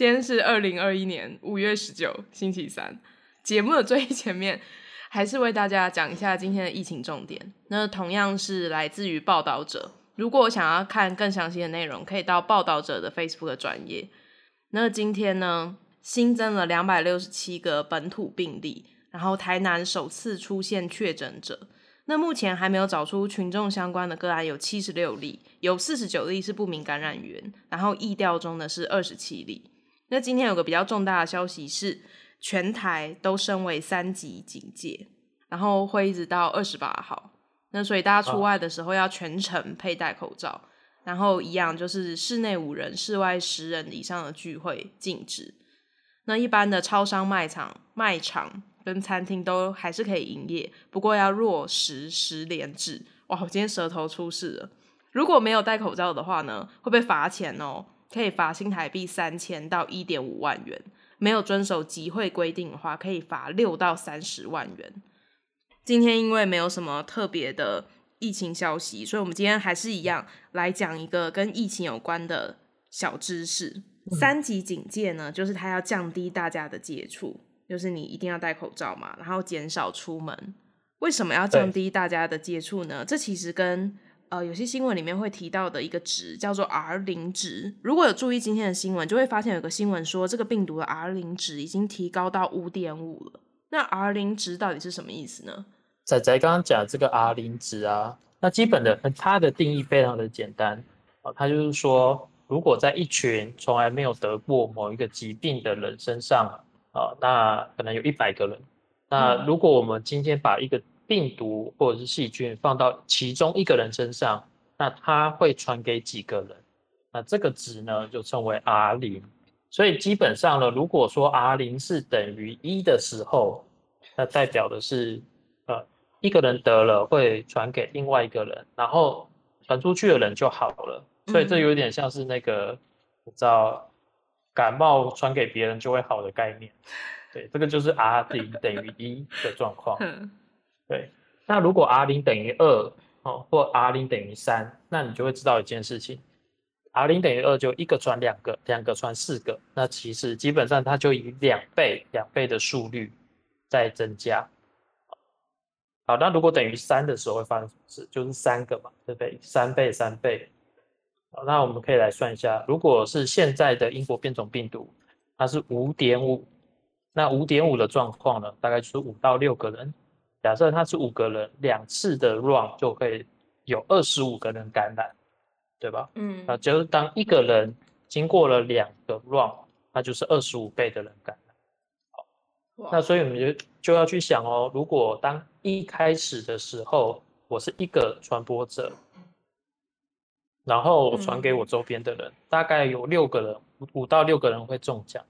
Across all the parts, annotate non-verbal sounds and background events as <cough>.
今天是二零二一年五月十九，星期三。節目的最前面還是為大家講一下今天的疫情重點。那同樣是來自於報道者。如果想要看更詳細的內容，可以到報道者的 Facebook 的專頁。那今天呢，新增了兩百六十七個本土病例，然後台南首次出現確診者。那目前還沒有找出群眾相關的個案有七十六例，有四十九例是不明感染源，然後疫調中的是二十七例。那今天有個比較重大的消息是，全台都升為三級警戒，然後會一直到二十八號。那所以大家出外的時候要全程佩戴口罩，啊，然後一樣就是室內五人、室外十人以上的聚會禁止。那一般的超商、賣場、賣場跟餐廳都還是可以營業，不過要落實實聯制。哇，我今天舌頭出事了，如果沒有戴口罩的話呢，會被罰錢哦。可以罰新台幣三千到一點五萬元，沒有遵守集會規定的話，可以罰六到三十萬元。今天因為沒有什麼特別的疫情消息，所以我們今天還是一樣來講一個跟疫情有關的小知識。三級警戒呢，就是它要降低大家的接觸，就是你一定要戴口罩嘛，然後減少出門。為什麼要降低大家的接觸呢？這其實跟呃，有些新聞裡面會提到的一個值叫做 R 零值。如果有注意今天的新聞，就會發現有個新聞說，這個病毒的 R 零值已經提高到五點五了。那 R 零值到底是什麼意思呢？仔仔剛剛講這個 R 零值啊，那基本的它的定義非常的簡單啊，哦，它就是說，如果在一群從來沒有得過某一個疾病的人身上啊，哦，那可能有一百個人，那如果我們今天把一個病毒或者是細菌放到其中一個人身上，那他會傳給幾個人？那這個值呢，就稱為 R 零。所以基本上呢，如果說 R 零是等於一的時候，那代表的是呃一個人得了會傳給另外一個人，然後傳出去的人就好了。所以這有點像是那個、嗯、你知道感冒傳給別人就會好的概念。對，這個就是 R 零等於一的狀況。 <laughs> 對，那如果 R 零等於二，哦，或 R 零等於三，那你就會知道一件事情，R 零等於二就一個傳兩個，兩個傳四個，那其實基本上它就以兩倍、兩倍的速率在增加。好，那如果等於三的時候會發生什麼事？就是三個嘛，對不對？三倍、三倍。好，那我們可以來算一下，如果是現在的英國變種病毒，它是五點五，那五點五的狀況呢，大概就是五到六個人。假設他是五個人，兩次的 run 就可以有二十五個人感染，對吧？嗯，啊，就是當一個人經過了兩個 run，那就是二十五倍的人感染。好，那所以我們就就要去想哦，如果當一開始的時候我是一個傳播者，然後傳給我周邊的人，嗯、大概有六個人，五到六個人會中獎。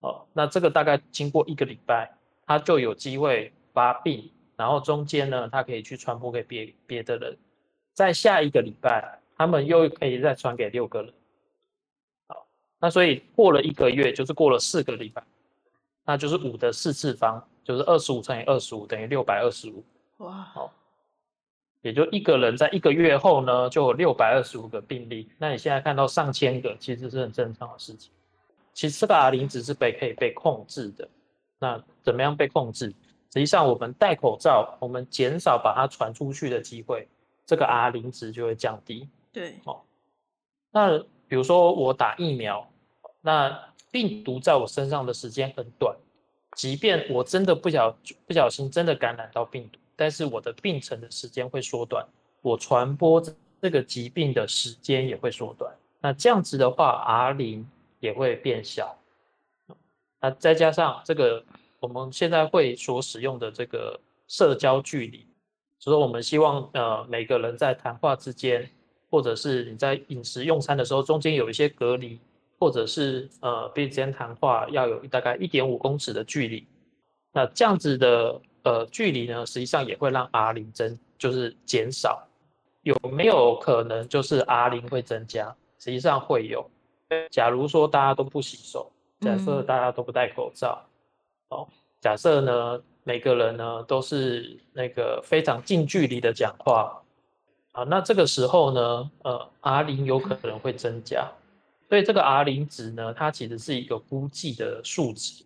哦，那這個大概經過一個禮拜，他就有機會發病，然後中間呢，他可以去傳播給別別的人，在下一個禮拜，他們又可以再傳給六個人。好，那所以過了一個月，就是過了四個禮拜，那就是五的四次方，就是二十五乘以二十五等於六百二十五。哇，好，也就一個人在一個月後呢，就有六百二十五個病例。那你現在看到上千個，其實是很正常的事情。其實這個 R0 值是被可以被控制的，那怎麼樣被控制？實際上，我們戴口罩，我們減少把它傳出去的機會，這個 R 零值就會降低。對，哦。那比如說我打疫苗，那病毒在我身上的時間很短，即便我真的不小心不小心真的感染到病毒，但是我的病程的時間會縮短，我傳播這個疾病的時間也會縮短。那這樣子的話，R 零也會變小。那再加上這個。我們現在會所使用的這個社交距離，所以我們希望呃每個人在談話之間，或者是你在飲食用餐的時候，中間有一些隔離，或者是呃彼此間談話要有大概一點五公尺的距離。那這樣子的呃距離呢，實際上也會讓 R 零增，就是減少。有沒有可能就是 R 零會增加？實際上會有。假如說大家都不洗手，假設大家都不戴口罩。嗯哦，假設呢，每個人呢都是那個非常近距離的講話啊，那這個時候呢，呃，R 零有可能會增加，所以這個 R 零值呢，它其實是一個估計的數值。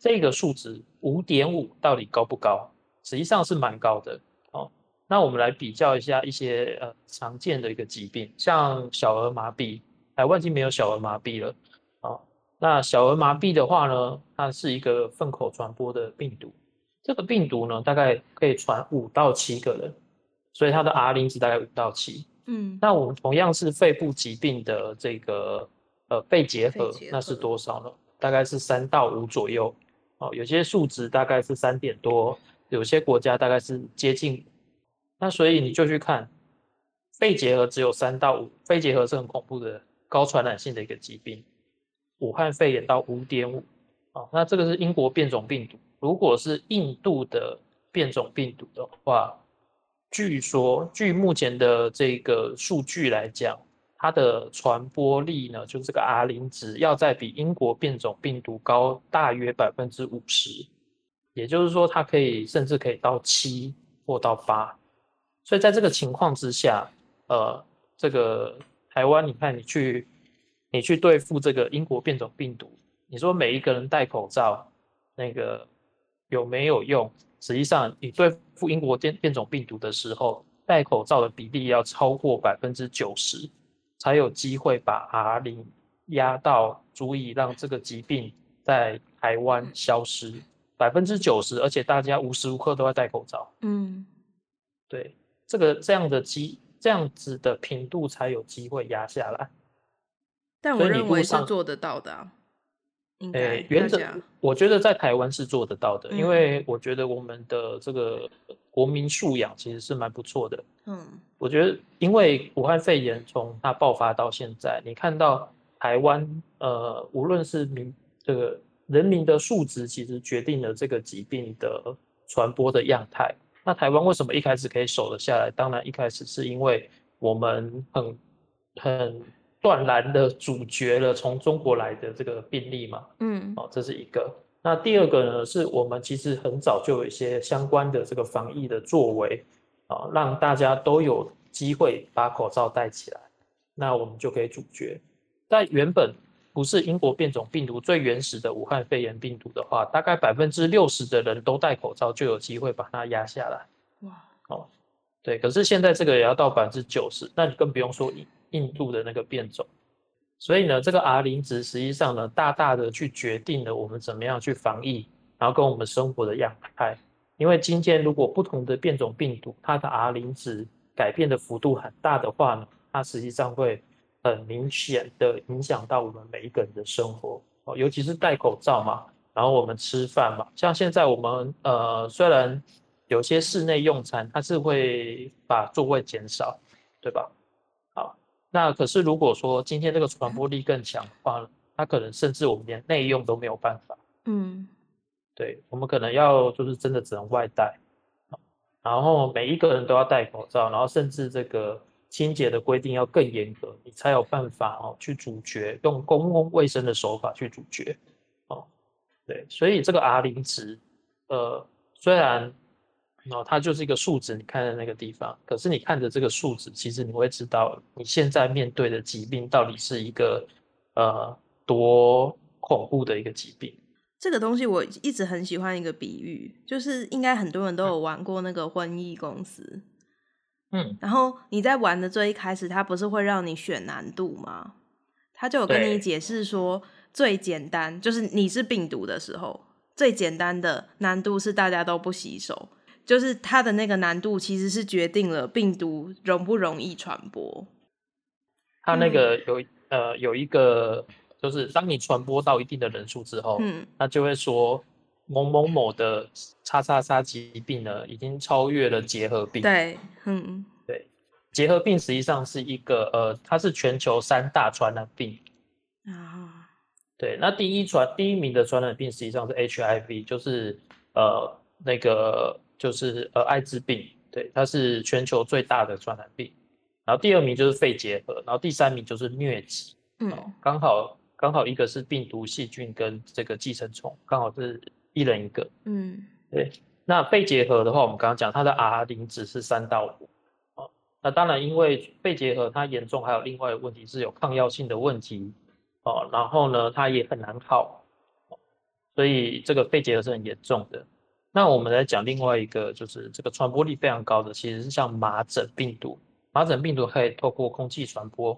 這個數值五點五到底高不高？實際上是蠻高的。哦，那我們來比較一下一些呃常見的一個疾病，像小兒麻痹，台灣已經沒有小兒麻痹了。那小兒麻痹的話呢，它是一個糞口傳播的病毒。這個病毒呢，大概可以傳五到七個人，所以它的 R 零值大概五到七。嗯，那我們同樣是肺部疾病的這個呃肺結核，那是多少呢？大概是三到五左右。哦，有些數值大概是三點多，有些國家大概是接近。那所以你就去看，肺結核只有三到五，肺結核是很恐怖的，高傳染性的一個疾病。武漢肺炎到五點五，啊，那這個是英國變種病毒。如果是印度的變種病毒的話，據說，據目前的這個數據來講，它的傳播力呢，就這個 R 零值，要再比英國變種病毒高大約百分之五十，也就是說，它可以甚至可以到七或到八。所以在這個情況之下，呃，這個台灣，你看你去。你去對付這個英國變種病毒，你說每一個人戴口罩，那個有沒有用？實際上，你對付英國變變種病毒的時候，戴口罩的比例要超過百分之九十，才有機會把 R0 壓到足以讓這個疾病在台灣消失百分之九十，而且大家無時無刻都要戴口罩。嗯，對，這個這樣的機這樣子的頻度才有機會壓下來。所以我認為是做得到的、啊，原則、欸、我覺得在台灣是做得到的、嗯，因為我覺得我們的這個國民素養其實是蠻不錯的。嗯，我覺得因為武漢肺炎從它爆發到現在，嗯、你看到台灣呃，無論是民這個、呃、人民的素質，其實決定了這個疾病的傳播的樣態。那台灣為什麼一開始可以守得下來？當然，一開始是因為我們很很。斷然的阻絕了從中國來的這個病例嘛，嗯，哦，這是一個。那第二個呢，是我們其實很早就有一些相關的這個防疫的作為，啊、哦，讓大家都有機會把口罩戴起來。那我們就可以阻絕。但原本不是英國變種病毒，最原始的武漢肺炎病毒的話，大概百分之六十的人都戴口罩就有機會把它壓下來。哇，哦，對。可是現在這個也要到百分之九十，那你更不用說印度的那個變種，所以呢，這個 R0 值實際上呢，大大的去決定了我們怎麼樣去防疫，然後跟我們生活的樣態。因為今天如果不同的變種病毒，它的 R0 值改變的幅度很大的話呢，它實際上會很明顯的影響到我們每一個人的生活哦，尤其是戴口罩嘛，然後我們吃飯嘛，像現在我們呃，雖然有些室內用餐，它是會把座位減少，對吧？那可是，如果說今天這個傳播力更強的話，嗯，它可能甚至我們連內用都沒有辦法。嗯，對，我們可能要就是真的只能外帶，然後每一個人都要戴口罩，然後甚至這個清潔的規定要更嚴格，你才有辦法哦去阻絕，用公共衛生的手法去阻絕。哦，對，所以這個 R 零值，呃，雖然。哦，它就是一個數值，你看的那個地方。可是你看着這個數值，其實你會知道你現在面對的疾病到底是一個呃多恐怖的一個疾病。這個東西我一直很喜歡一個比喻，就是應該很多人都有玩過那個瘟疫公司。嗯，然後你在玩的最一開始，他不是會讓你選難度嗎？他就有跟你解釋說，最簡單就是你是病毒的時候，最簡單的難度是大家都不洗手。就是它的那個難度其實是決定了病毒容不容易傳播。它那個有、嗯、呃有一個，就是當你傳播到一定的人數之後，嗯，那就會說某某某的叉叉叉疾病呢已經超越了結核病。對，嗯，對，結核病實際上是一個呃，它是全球三大傳染病啊、哦。對，那第一傳第一名的傳染病實際上是 HIV，就是呃那個。就是呃，艾滋病，對，它是全球最大的傳染病。然後第二名就是肺結核，然後第三名就是瘧疾、呃。嗯，剛好剛好一個是病毒、細菌跟這個寄生蟲，剛好是一人一個。嗯，對。那肺結核的話，我們剛剛講它的 R 零值是三到五。哦，那當然，因為肺結核它嚴重，還有另外一個問題是有抗藥性的問題。哦、呃，然後呢，它也很難好、呃。所以這個肺結核是很嚴重的。那我們來講另外一個，就是這個傳播力非常高的，其實是像麻疹病毒。麻疹病毒可以透過空氣傳播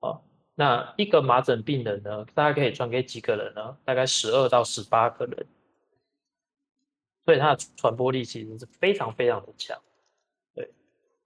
啊，哦。那一個麻疹病人呢，大概可以傳給幾個人呢？大概十二到十八個人。所以它的傳播力其實是非常非常的強。對，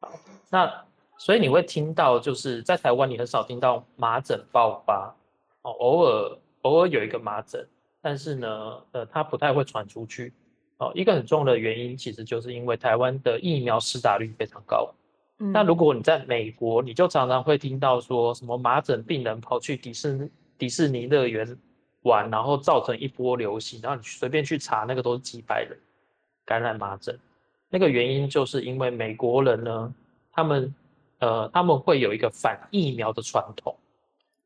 好，哦，那所以你會聽到，就是在台灣你很少聽到麻疹爆發哦，偶爾偶爾有一個麻疹，但是呢，呃，它不太會傳出去。哦，一個很重要的原因，其實就是因為台灣的疫苗施打率非常高。那、嗯、如果你在美國，你就常常會聽到說什麼麻疹病人跑去迪士尼迪士尼樂園玩，然後造成一波流行。然後你隨便去查，那個都是幾百人感染麻疹。那個原因就是因為美國人呢，他們呃他們會有一個反疫苗的傳統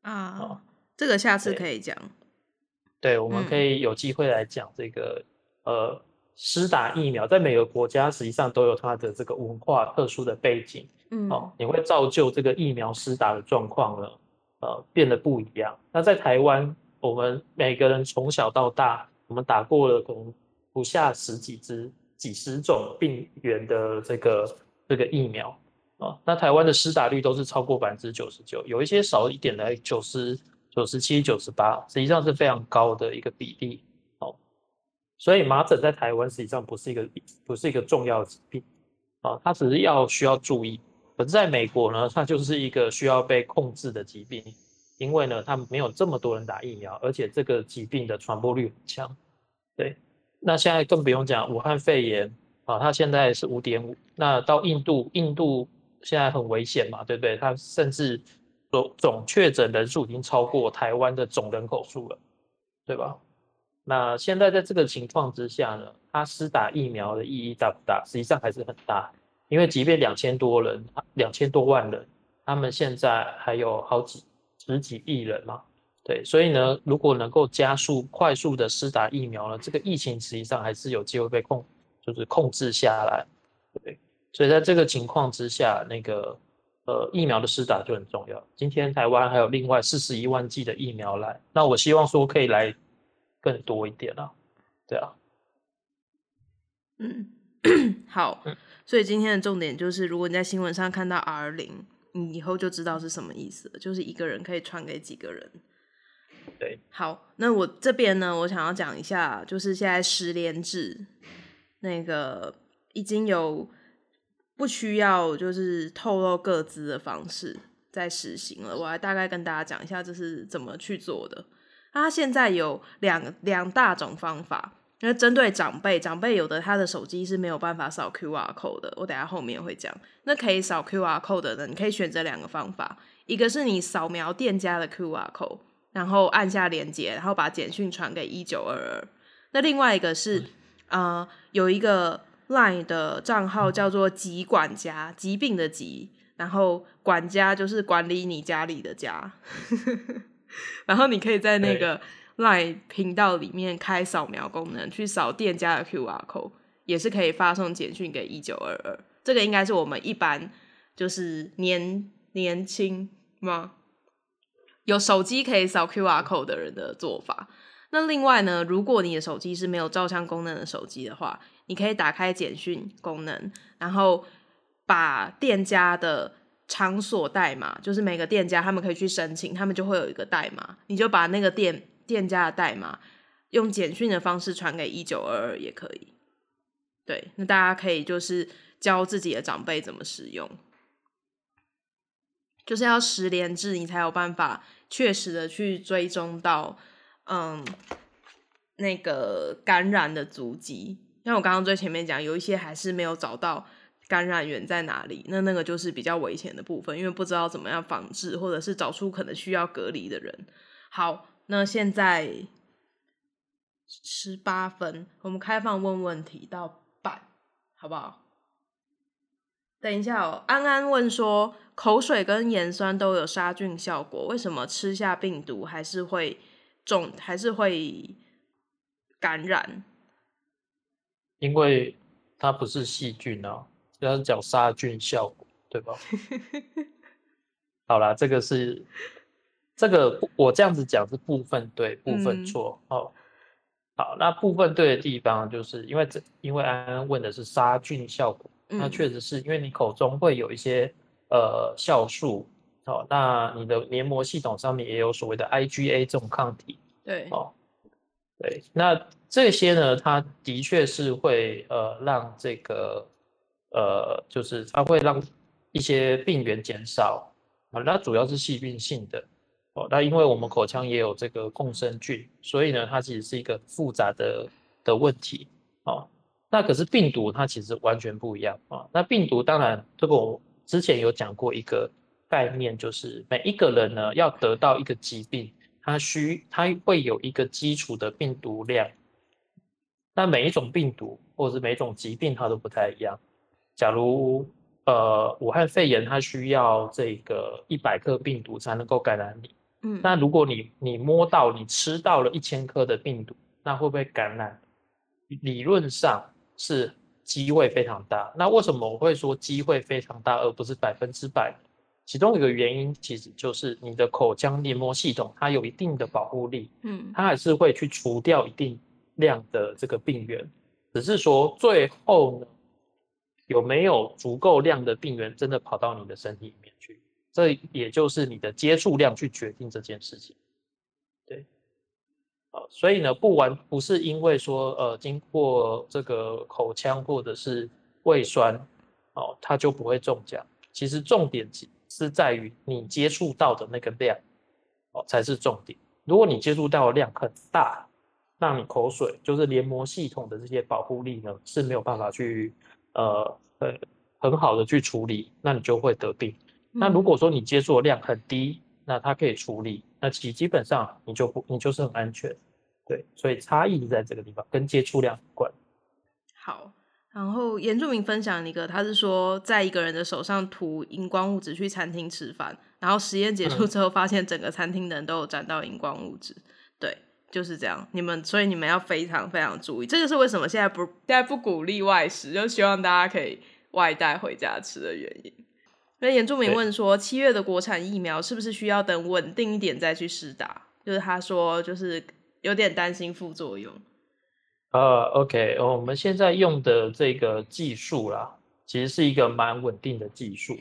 啊、哦。這個下次可以講，對。對，我們可以有機會來講這個、嗯、呃。施打疫苗在每個國家實際上都有它的這個文化特殊的背景，嗯，哦，也會造就這個疫苗施打的狀況呢，呃，變得不一樣。那在台灣，我們每個人從小到大，我們打過了可能不下十幾支、幾十種病原的這個這個疫苗，哦、呃，那台灣的施打率都是超過百分之九十九，有一些少一點的九十、九十七、九十八，實際上是非常高的一個比例。所以麻疹在台灣實際上不是一個，不是一個重要的疾病啊，它只是要需要注意。可是在美國呢，它就是一個需要被控制的疾病，因為呢，它沒有這麼多人打疫苗，而且這個疾病的傳播率很強。對，那現在更不用講武漢肺炎啊，它現在是五點五。那到印度，印度現在很危險嘛，對不對？它甚至總總確診人數已經超過台灣的總人口數了，對吧？那現在在這個情況之下呢，他施打疫苗的意義大不大？實際上還是很大，因為即便兩千多人，兩千多萬人，他們現在還有好幾十幾億人嘛，對，所以呢，如果能夠加速快速的施打疫苗呢，這個疫情實際上還是有機會被控，就是控制下來，對，所以在這個情況之下，那個呃疫苗的施打就很重要。今天台灣還有另外四十一萬劑的疫苗來，那我希望說可以來。更多一點啊，對啊，嗯， <coughs> 好嗯，所以今天的重點就是，如果你在新聞上看到 R 零，你以後就知道是什麼意思了，就是一個人可以傳給幾個人。對，好，那我這邊呢，我想要講一下，就是現在實聯制那個已經有不需要就是透露個資的方式在實行了，我來大概跟大家講一下這是怎麼去做的。他現在有兩兩大種方法，那針對長輩，長輩有的他的手機是沒有辦法掃 Q R code 的，我等下後面會講。那可以掃 Q R code 的，你可以選擇兩個方法，一個是你掃描店家的 Q R code，然後按下連接，然後把簡訊傳給一九二二。那另外一個是，嗯、呃，有一個 Line 的賬號叫做“疾管家”，疾病的疾，然後管家就是管理你家裡的家。 <laughs> 然後你可以在那個 LINE 頻道裡面開掃描功能，去掃店家的 QR code，也是可以發送簡訊給一九二二。這個應該是我們一般就是年年輕嘛，有手機可以掃 QR code 的人的做法。那另外呢，如果你的手機是沒有照相功能的手機的話，你可以打開簡訊功能，然後把店家的。場所代碼就是每個店家他們可以去申請，他們就會有一個代碼，你就把那個店店家的代碼用簡訊的方式傳給一九二二也可以。對，那大家可以就是教自己的長輩怎麼使用，就是要實聯制，你才有辦法確實的去追蹤到，嗯，那個感染的足跡。像我剛剛最前面講，有一些還是沒有找到。感染源在哪裡？那那個就是比較危險的部分，因為不知道怎麼樣防治，或者是找出可能需要隔離的人。好，那現在十八分，我們開放問問題到半，好不好？等一下哦，安安問說：口水跟鹽酸都有殺菌效果，為什麼吃下病毒還是會中，還是會感染？因為它不是細菌啊。要講殺菌效果，對吧？ <laughs> 好啦，這個是這個，我這樣子講是部分對，部分錯、嗯、哦。好，那部分對的地方，就是因為這，因為安安問的是殺菌效果，嗯、那確實是因為你口中會有一些呃酵素，好、哦，那你的黏膜系統上面也有所謂的 IgA 這種抗體，對，哦，對，那這些呢，它的確是會呃讓這個。呃，就是它會讓一些病原減少啊，那主要是細菌性的哦。那因為我們口腔也有這個共生菌，所以呢，它其實是一個複雜的的問題哦，那可是病毒它其實完全不一樣啊，哦。那病毒當然這個我之前有講過一個概念，就是每一個人呢要得到一個疾病，它需它會有一個基礎的病毒量。那每一種病毒或者是每一種疾病，它都不太一樣。假如呃，武漢肺炎它需要這個一百克病毒才能夠感染你，嗯，那如果你你摸到你吃到了一千克的病毒，那會不會感染？理論上是機會非常大。那為什麼我會說機會非常大，而不是百分之百？其中一個原因，其實就是你的口腔黏膜系統它有一定的保護力，嗯，它還是會去除掉一定量的這個病原，只是說最後呢。有沒有足夠量的病原真的跑到你的身體裡面去？這也就是你的接觸量去決定這件事情。對，哦，所以呢，不完不是因為說呃，經過這個口腔或者是胃酸，哦，它就不會中獎。其實重點是在於你接觸到的那個量，哦，才是重點。如果你接觸到的量很大，那你口水就是黏膜系統的這些保護力呢是沒有辦法去。呃，很很好的去處理，那你就會得病。那如果說你接觸的量很低，嗯、那它可以處理，那其基本上你就不，你就是很安全。對，所以差異就在這個地方，跟接觸量有關。好，然後嚴著明分享一個，他是說在一個人的手上塗熒光物質去餐廳吃飯，然後實驗結束之後發現整個餐廳的人都有沾到熒光物質。嗯就是這樣，你們所以你們要非常非常注意，這就是為什麼現在不現在不鼓勵外食，就希望大家可以外帶回家吃的原因。那嚴著名問說，七月的國產疫苗是不是需要等穩定一點再去施打？就是他說，就是有點擔心副作用。呃，OK，呃，我們現在用的這個技術啦，其實是一個蠻穩定的技術。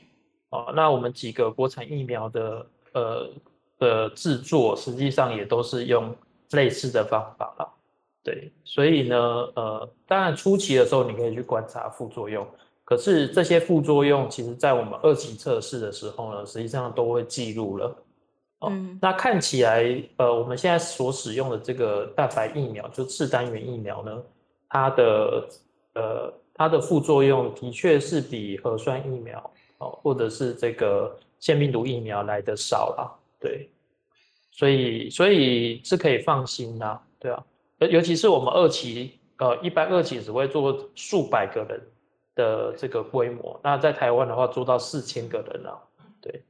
哦、呃，那我們幾個國產疫苗的呃的制作，實際上也都是用。類似的方法了，對，所以呢，呃，當然初期的時候你可以去觀察副作用，可是這些副作用，其實，在我們二級測試的時候呢，實際上都會記錄了。哦、嗯，那看起來，呃，我們現在所使用的這個蛋白疫苗，就次單元疫苗呢，它的，呃，它的副作用的確是比核酸疫苗，哦，或者是這個腺病毒疫苗來得少了，對。所以，所以是可以放心啦，對啊，尤尤其是我們二期，呃，一般二期只會做數百個人的這個規模，那在台灣的話做到四千個人啦，對，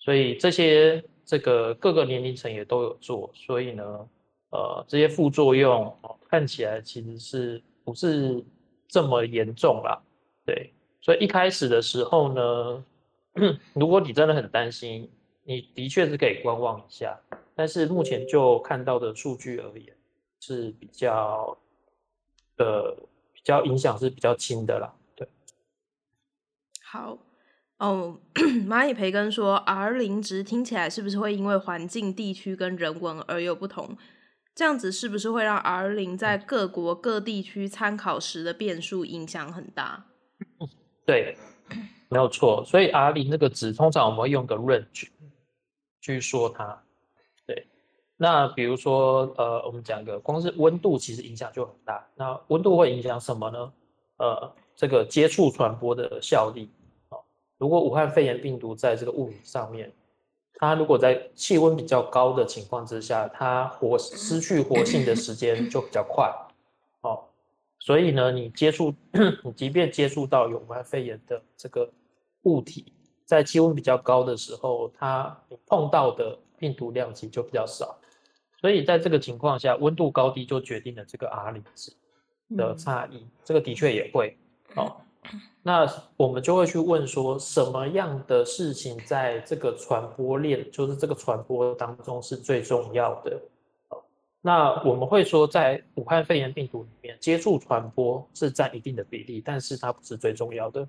所以這些這個各個年齡層也都有做，所以呢，呃，這些副作用看起來其實是不是這麼嚴重啦？對，所以一開始的時候呢，如果你真的很擔心，你的確是可以觀望一下。但是目前就看到的數據而言，是比較，呃，比較影響是比較輕的啦。對，好哦、oh。 <coughs> 螞蟻培根說，R 零值聽起來是不是會因為環境、地區跟人文而有不同？這樣子是不是會讓 R 零在各國各地區參考時的變數影響很大？對，沒有錯。所以 R0 這個值，通常我們會用個 range 去說它。那比如說，呃，我們講一個，光是溫度其實影響就很大。那溫度會影響什麼呢？呃，這個接觸傳播的效率。哦，如果武漢肺炎病毒在這個物體上面，它如果在氣溫比較高的情況之下，它活失去活性的時間就比較快。哦，所以呢，你接觸，你即便接觸到有武漢肺炎的這個物體，在氣溫比較高的時候，它碰到的病毒量級就比較少。所以在這個情況下，溫度高低就決定了這個 R0 值的差異，嗯。這個的確也會哦。那我們就會去問說，什麼樣的事情在這個傳播鏈，就是這個傳播當中是最重要的？哦，那我們會說，在武漢肺炎病毒裡面，接觸傳播是佔一定的比例，但是它不是最重要的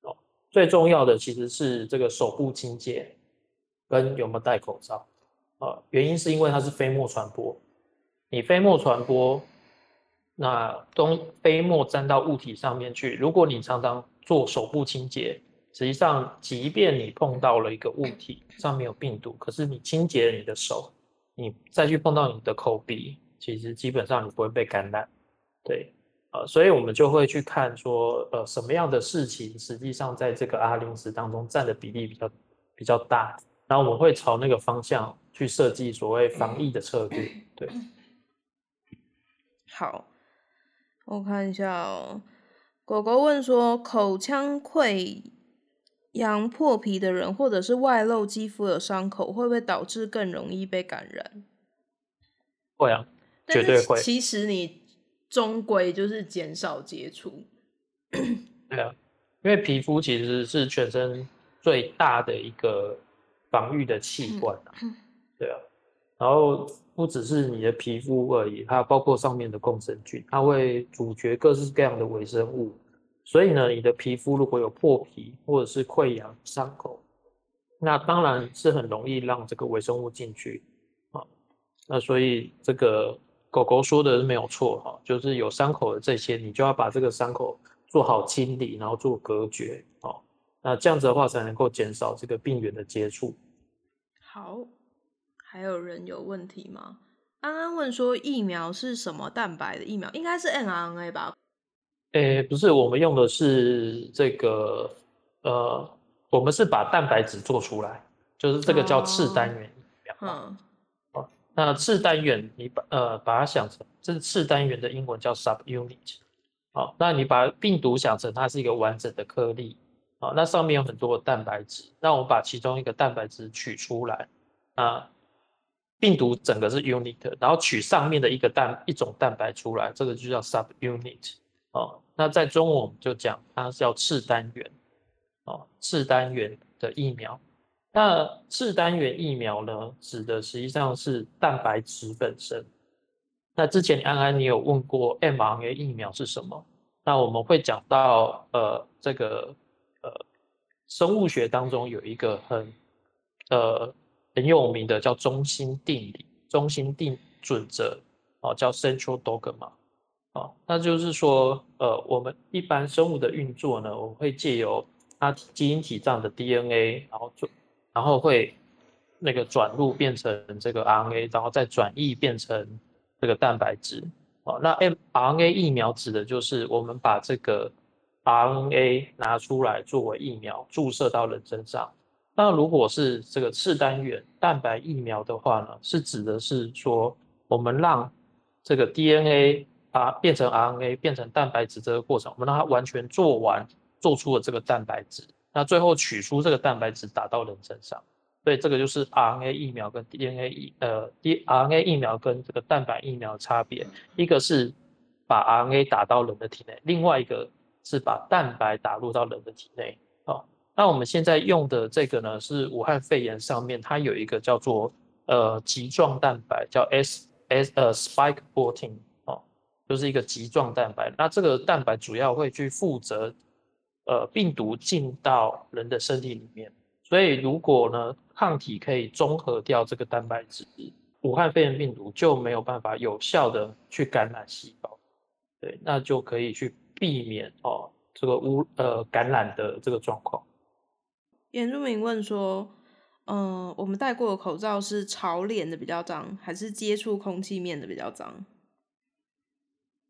哦。最重要的其實是這個手部清潔跟有沒有戴口罩。呃，原因是因為它是飛沫傳播，你飛沫傳播，那東飛沫沾到物體上面去。如果你常常做手部清潔，實際上，即便你碰到了一個物體上面有病毒，可是你清潔了你的手，你再去碰到你的口鼻，其實基本上你不會被感染。對，呃，所以我們就會去看說，呃，什麼樣的事情實際上在這個 R0 值當中佔的比例比較比較大，然後我們會朝那個方向。去設計所謂防疫的策略，對。嗯、 <coughs> 好，我看一下、喔，哦。狗狗問說：口腔潰瘍破皮的人，或者是外露肌膚有傷口，會不會導致更容易被感染？會啊，絕對會。其實你終歸就是減少接觸 <coughs> 。對啊，因為皮膚其實是全身最大的一個防禦的器官、啊嗯對啊，然後不只是你的皮膚而已，它包括上面的共生菌，它會阻絕各式各樣的微生物。所以呢，你的皮膚如果有破皮或者是潰瘍傷口，那當然是很容易讓這個微生物進去啊、哦。那所以這個狗狗說的是沒有錯哈、哦，就是有傷口的這些，你就要把這個傷口做好清理，然後做隔絕哦，那這樣子的話才能夠減少這個病原的接觸。好。還有人有問題嗎？安安問說：“疫苗是什麼蛋白的疫苗？應該是 mRNA 吧？”誒、欸，不是，我們用的是這個。呃，我們是把蛋白質做出來，就是這個叫次單元疫苗。哦、嗯，好、哦，那次單元，你把呃把它想成，這是次單元的英文叫 subunit、哦。好，那你把病毒想成它是一個完整的顆粒。好、哦，那上面有很多的蛋白質，那我把其中一個蛋白質取出來，那、呃。病毒整個是 unit，然後取上面的一個蛋一種蛋白出來，這個就叫 subunit 哦。那在中文我們就講它是要次單元哦，次單元的疫苗。那次單元疫苗呢，指的實際上是蛋白質本身。那之前你安安你有問過 mRNA 疫苗是什麼？那我們會講到呃，這個呃，生物學當中有一個很呃。很有名的叫中心定理、中心定準則，哦，叫 central dogma，啊、哦，那就是說，呃，我們一般生物的運作呢，我們會借由它基因體上的 DNA，然後轉，然後會那個轉錄變成這個 RNA，然後再轉譯變成這個蛋白質。哦，那 mRNA 疫苗指的就是我們把這個 RNA 拿出來作為疫苗注射到人身上。那如果是這個次單元蛋白疫苗的話呢，是指的是說，我們讓這個 DNA 啊變成 RNA，變成蛋白質這個過程，我們讓它完全做完，做出了這個蛋白質，那最後取出這個蛋白質打到人身上。所以這個就是 RNA 疫苗跟 DNA 呃 D RNA 疫苗跟這個蛋白疫苗的差別，一個是把 RNA 打到人的體內，另外一個是把蛋白打入到人的體內。那我們現在用的這個呢，是武漢肺炎上面它有一個叫做呃棘狀蛋白，叫 S S 呃、uh, spike protein 哦,就是一個棘狀蛋白。那這個蛋白主要會去負責呃病毒進到人的身體裡面，所以如果呢抗體可以中和掉這個蛋白質，武漢肺炎病毒就沒有辦法有效的去感染細胞，對，那就可以去避免哦這個汙呃感染的這個狀況。原住民問說：“嗯、呃，我們戴過的口罩是朝臉的比較髒，還是接觸空氣面的比較髒？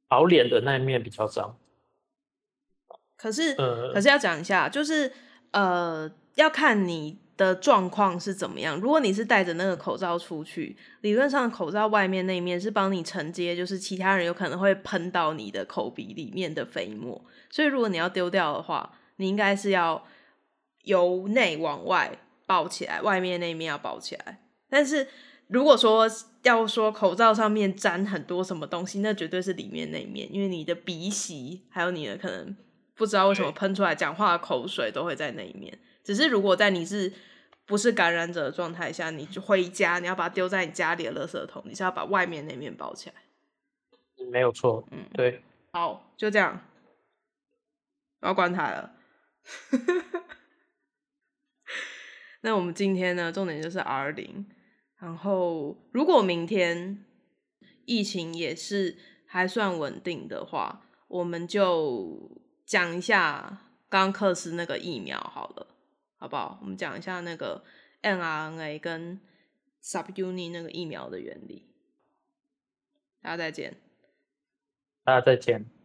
朝臉的那一面比較髒。可是，呃、可是要講一下，就是呃，要看你的狀況是怎麼樣。如果你是戴着那個口罩出去，理論上口罩外面那一面是幫你承接，就是其他人有可能會噴到你的口鼻裡面的飛沫，所以，如果你要丟掉的話，你應該是要。”由內往外包起來，外面那面要包起來。但是如果說要說口罩上面沾很多什麼東西，那絕對是裡面那面，因為你的鼻息還有你的可能不知道為什麼噴出來講話的口水都會在那一面。只是如果在你是不是感染者的狀態下，你就回家，你要把它丟在你家裡的垃圾桶，你是要把外面那面包起來。沒有錯，嗯，對，好，就這樣，我要關台了。 <laughs> 那我們今天呢，重點就是 R 零。然後，如果明天疫情也是還算穩定的話，我們就講一下剛刻思那個疫苗好了，好不好？我們講一下那個 mRNA 跟 subunit 那個疫苗的原理。大家再見。大家再見。